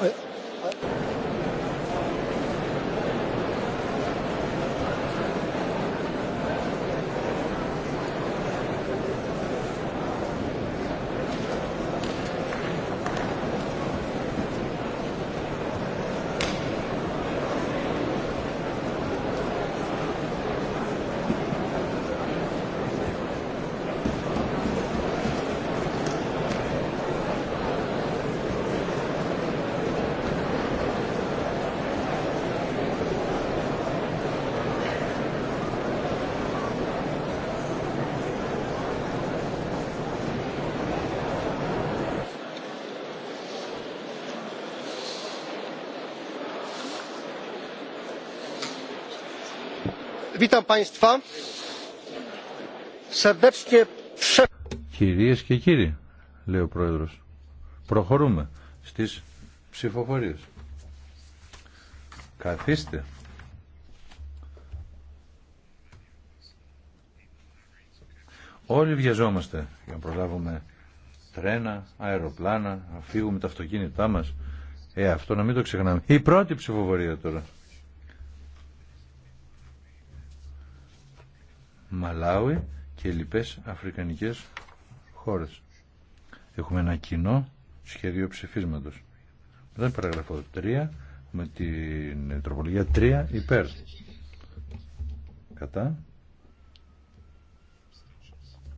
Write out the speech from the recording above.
Βαϊ- ε, Witam Κυρίες και κύριοι, λέει ο Πρόεδρος, προχωρούμε στις ψηφοφορίες. Καθίστε. Όλοι βιαζόμαστε για να προλάβουμε τρένα, αεροπλάνα, να φύγουμε τα αυτοκίνητά μας. Ε, αυτό να μην το ξεχνάμε. Η πρώτη ψηφοφορία τώρα. Μαλάουι και λοιπές αφρικανικές χώρες. Έχουμε ένα κοινό σχέδιο ψηφίσματος. Μετά είναι παραγραφό 3 με την τροπολογία 3 υπέρ. Κατά.